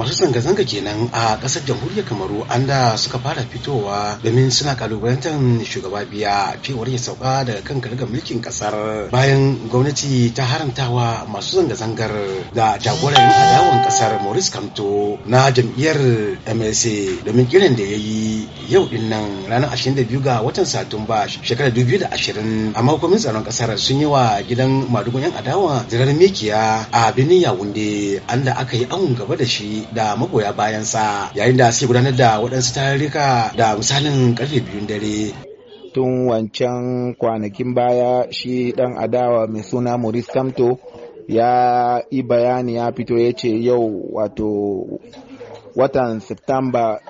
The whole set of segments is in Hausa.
masu zanga-zanga kenan a ƙasar jamhuriyar kamaru an da suka fara fitowa domin suna kalubalantar shugaba biya cewar ya sauka daga kan kalgar mulkin ƙasar bayan gwamnati ta haramtawa masu zanga-zangar da jagoran adawan ƙasar Moris kamto na jam'iyyar mlc domin kiran da ya yi yau din nan ranar 22 ga watan satumba shekarar 2020 a makomin tsaron ƙasar sun yi wa gidan madugun yan adawa zirar mikiya a birnin yawunde an da aka yi awon gaba da shi da magoya bayansa yayin da sai gudanar da waɗansu tarurruka da misalin karfe biyun dare tun wancan kwanakin baya shi ɗan adawa mai suna Moris samto ya yi bayani ya fito ya ce yau wato watan septamba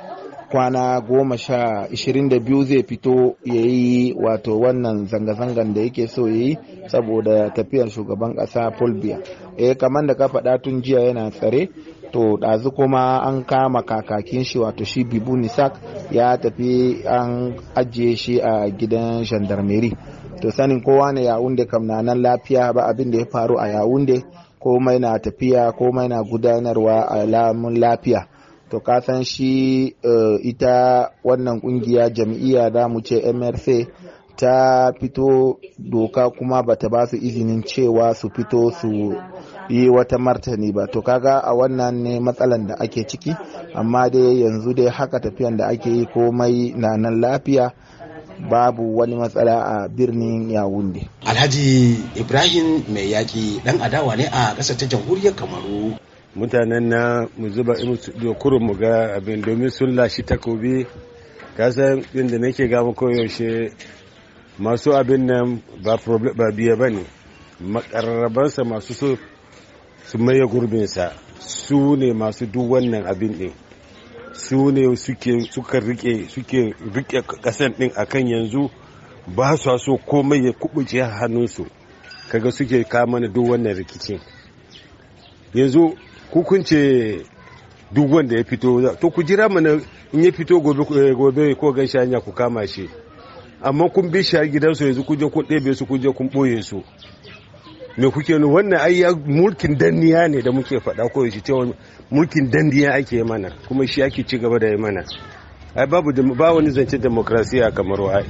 kwana goma sha ishirin da biyu zai fito ya yi wato wannan zanga-zangan da yake so ya yi saboda tafiyar shugaban ƙasa paul e eh kamar da ka faɗa tun jiya yana tsare to ɗazu kuma an kama kakakin shi wato shi bibu nisak ya tafi an ajiye shi a gidan gendarmerie to sanin kowa ne yawunde kam na nan lafiya ba abin da ya faru a yawunde komai na tafiya komai na gudanarwa a lamun lafiya to kasan shi eh, ita wannan kungiya jam'iyya da mu ce mrc ta fito doka kuma bata ba su izinin cewa su fito su yi wata martani ba to kaga a wannan ne matsalan da ake ciki amma dai yanzu dai haka tafiyan da ake yi komai na nan lafiya babu wani matsala a birnin yawunde alhaji ibrahim mai yaƙi dan adawa ne a ƙasar ta jamhuriyar kamaru mutanen na mu zuba kurun mu ga abin domin sun lashi takobi kasan inda nake gama koyaushe masu abin nan ba biya ba ne makarrabansa masu so su maye gurbinsa su ne masu duk wannan abin din su ne suka rike suke rike kasan din akan yanzu ba su so komai ya kubuce hannunsu kaga suke kama na duk wannan rikicin yanzu hukunce duk wanda ya fito to ku jira mana in ya fito gobe eh, ko gan shanya ku kama shi amma kun bi shi gidansu yanzu kun je kun ɗebe su kun kun ɓoye su me kuke nu wannan ai mulkin danniya ne da muke faɗa ko shi cewa mulkin danniya ake yi mana kuma shi ake ci gaba da yi mana ai babu ba wani zance demokrasiya kamar wa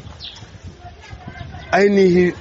ainihi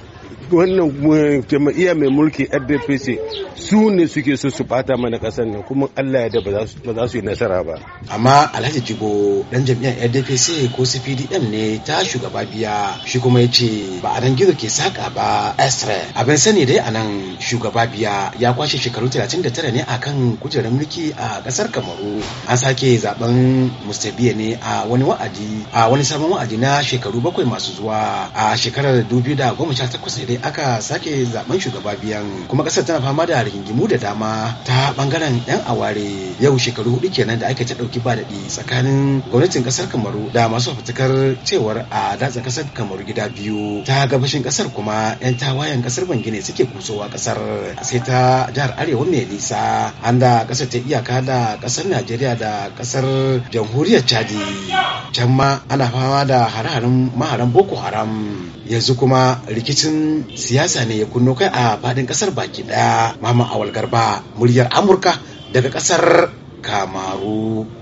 wannan eh, jama'iyya mai mulki FDPC su ne suke so su bata mana kasar nan kuma Allah ya da ba za su yi nasara ba. Amma Alhaji Jibo dan jami'an FDPC ko pdm ne ta shugaba biya shi kuma ya ce ba a dan gizo ke saka ba Estre. Abin sani dai nan shugaba biya ya kwashe shekaru 39 ne a kan kujerar mulki a kasar Kamaru. An sake zaben Mustabiya ne a wani wa'adi a wani sabon wa'adi na shekaru bakwai masu zuwa a shekarar 2018 sai dai aka sake zaben shugaba biyan kuma kasar tana fama da rigingimu da dama ta bangaren yan aware yau shekaru hudu kenan da aka ta dauki ba daɗi tsakanin gwamnatin kasar kamaru da masu fitakar cewar a datsa kasar kamaru gida biyu ta gabashin kasar kuma yan tawayen kasar bangine suke kusowa kasar sai ta jihar arewa mai nisa an da kasar ta iyaka da kasar najeriya da kasar jamhuriyar chadi can ma ana fama da hare-haren maharan boko haram yanzu kuma rikicin siyasa ne ya kunno kai a fadin kasar baki daya mama awal garba muryar amurka daga kasar kamaru